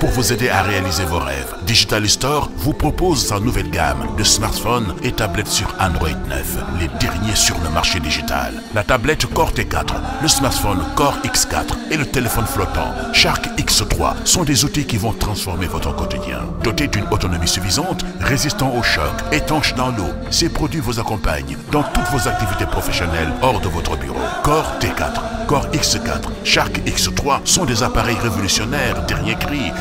pour vous aider à réaliser vos rêves. Digital Store vous propose sa nouvelle gamme de smartphones et tablettes sur Android 9, les derniers sur le marché digital. La tablette Core t le smartphone Core x et le téléphone flottant Shark x sont des outils qui vont transformer votre quotidien. Dotés d'une autonomie suffisante, résistant aux chocs, étanches dans l'eau, ces produits vous accompagnent dans toutes vos activités professionnelles hors de votre bureau.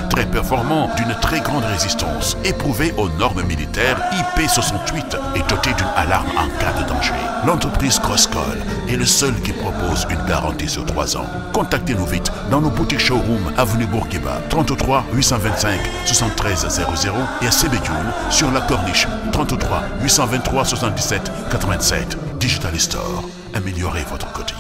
très performant, d'une très grande résistance, éprouvé aux normes militaires IP68 et doté d'une alarme en cas de danger. L'entreprise Crosscall est le seul qui propose une garantie sur 3 ans. Contactez-nous vite dans nos boutiques showroom avenue Bourguiba et à sur la Corniche Digital Store, améliorez votre quotidien.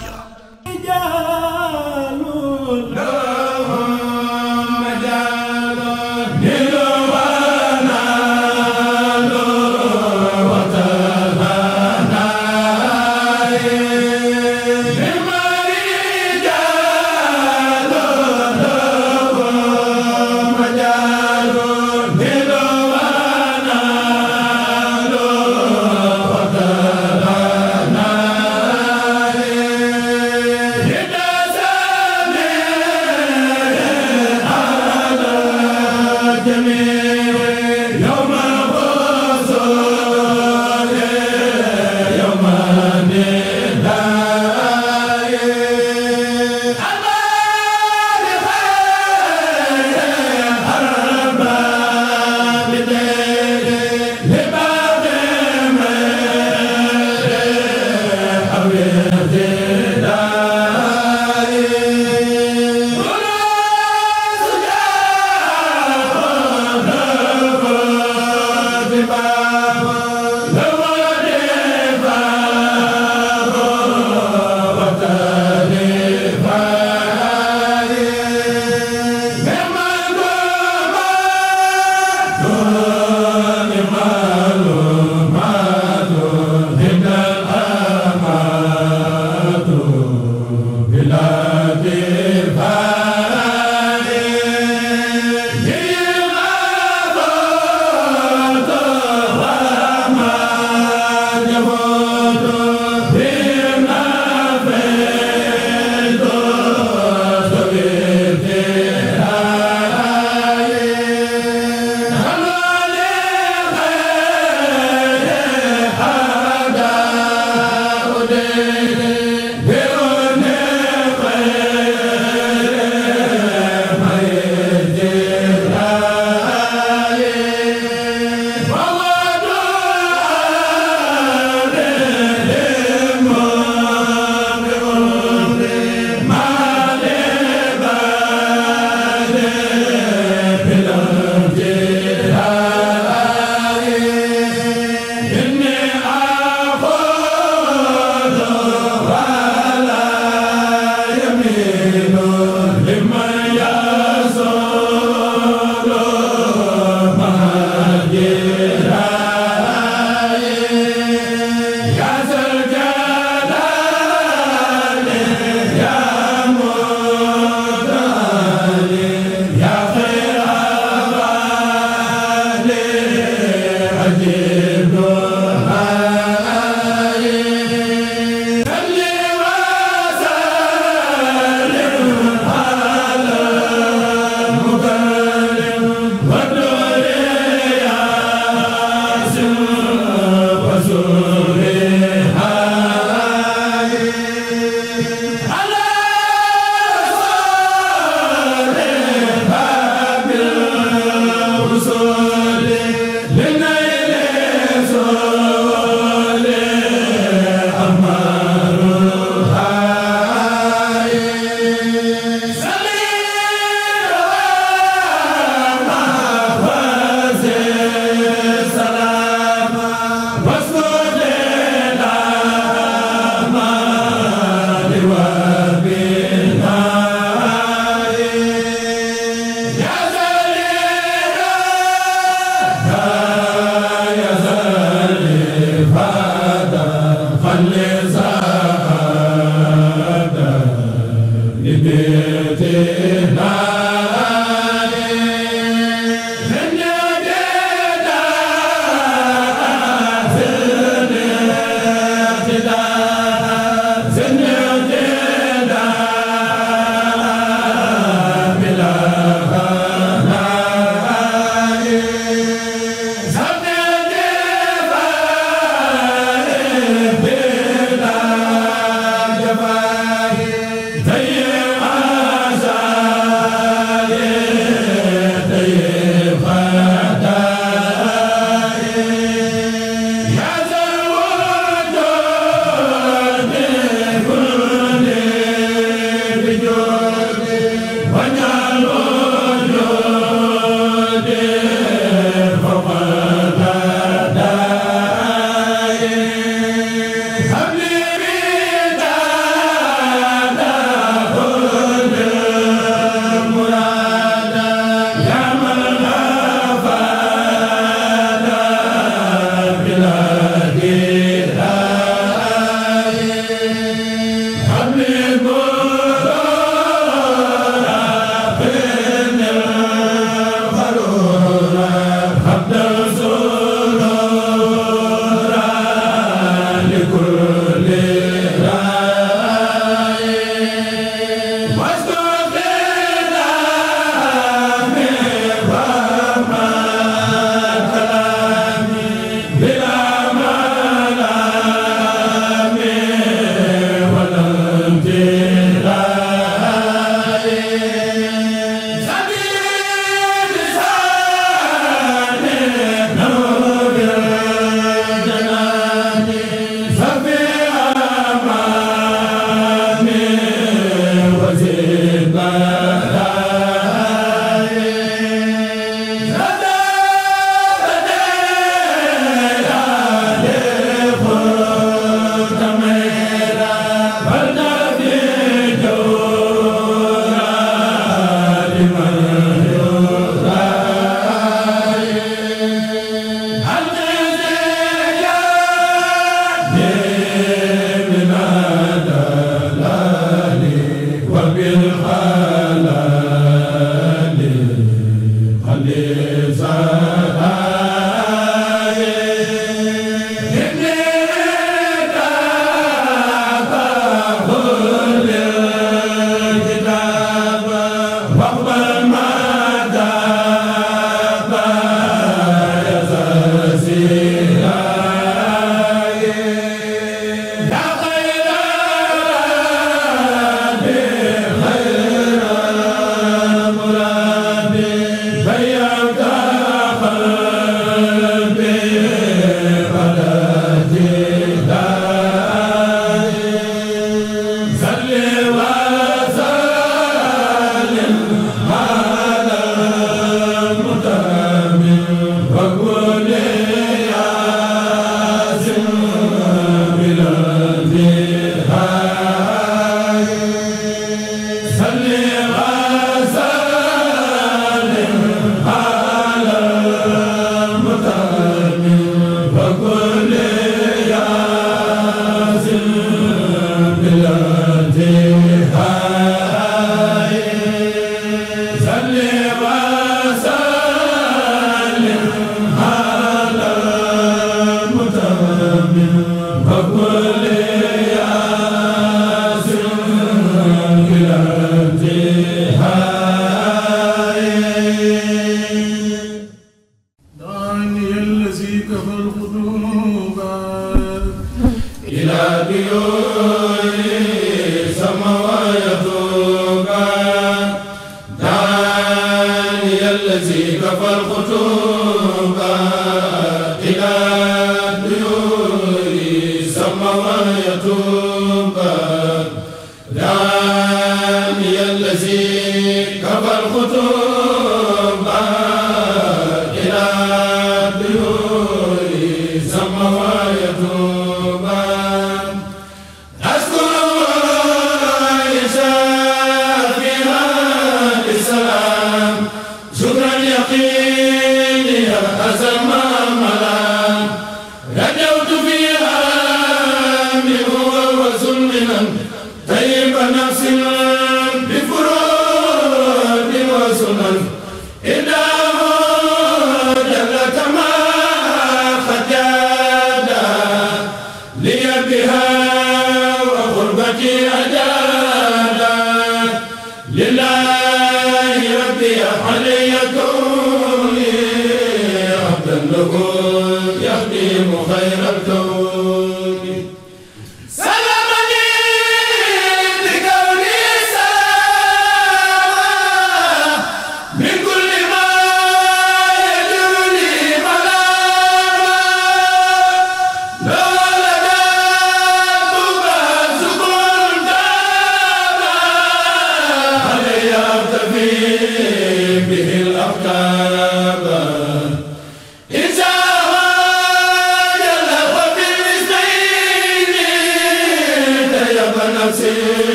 li الرحمن الذي كفى الخطوب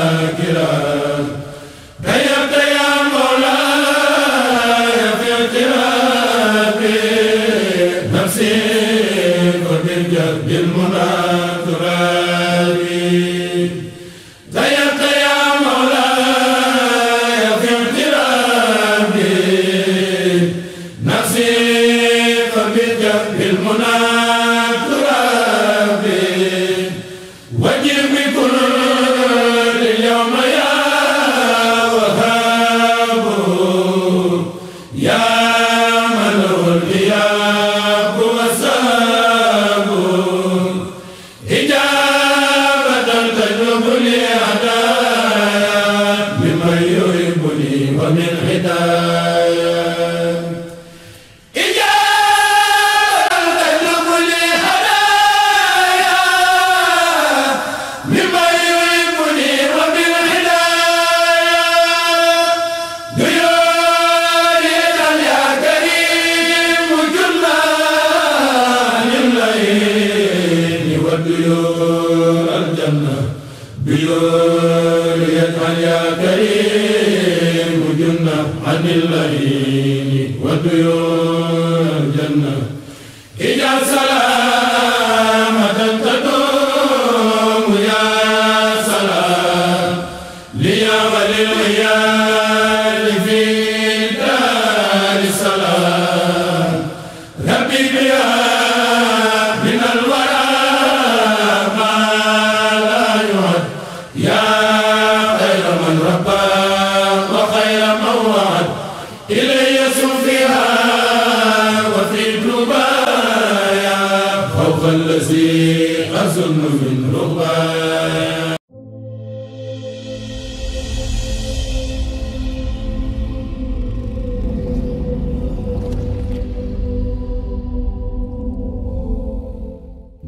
shakira الذي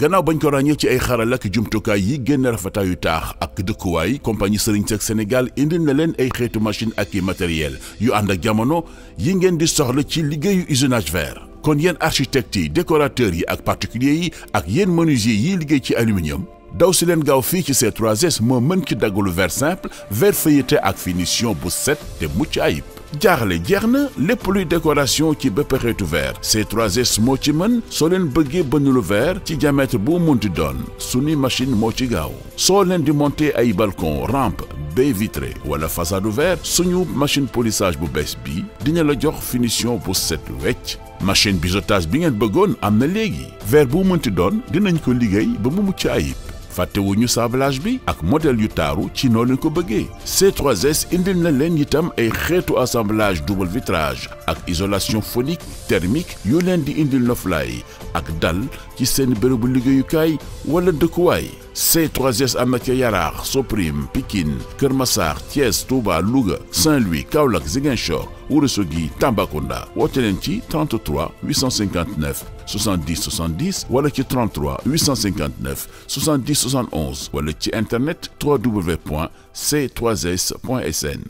gannaaw bañ ko ràññee ci ay xaral ak jumtukaay yi génn rafetaayu taax ak dëkkuwaay compagnie Serigne Seck Sénégal indil na leen ay xeetu machine ak i matériel yu ànd ak jamono yi ngeen di soxla ci liggéeyu usinage vert kon yenn architectes yi décorateurs yi ak particuliers yi ak yenn menuisier yiy liggéey ci aluminium daw si leen gaaw fii ci ces 3S moo mën ci daggalu verre simple verre feuilleté ak finition bu set te mucc ayib. jaaxle jeex na lépp luy décoration ci bépp xeetu verre ces 3S moo ci mën soo leen bëggee bañu lu verre ci diamètre bu munti doon suñu machine moo ci gaaw soo leen di monter ay balcon rampe baie vitrée wala façade ver suñu machine polissage bu bees bi dina la jox finition bu set wecc machine bi biseautage bi ngeen bëggoon am na léegi ver bu munti doon dinañ ko liggéey ba mu mucc ayib fàttewuñu sablage bi ak modèle yu taaru ci noo leen ko bëggee c 3 indil na leen itam ay xeetu assemblage double vitrage ak isolation phonique thermique yu leen di indil noflaay ak dal ci seen bërëbu liggéeyukaay wala dëkkuwaay C3S am na ca Yaraax Soprim Pikine Kër Massar Thiès Touba Louga Saint-Louis Kaolack Ziguinchor Ourossogui Tambacounda woote leen ci 33 859 70 70 wala ci 33 859 70 71 wala ci internet www.c3s.sn.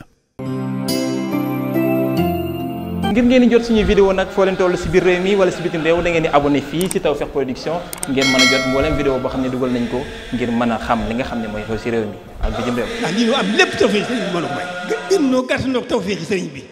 ngir ngeen di jot suñu vidéo nag foo leen toll si biir réew mi wala si bitim réew da ngeen di abonné fii si Tawfekh Production ngeen mën a jot mboolem vidéo boo xam ne dugal nañ ko ngir mën a xam li nga xam ne mooy xew si réew mi ak bitim réew. ndax lii ñu am lépp Tawfekh sëriñ bi mën ko may. gën noo gàtt noo Tawfekh sëriñ bi.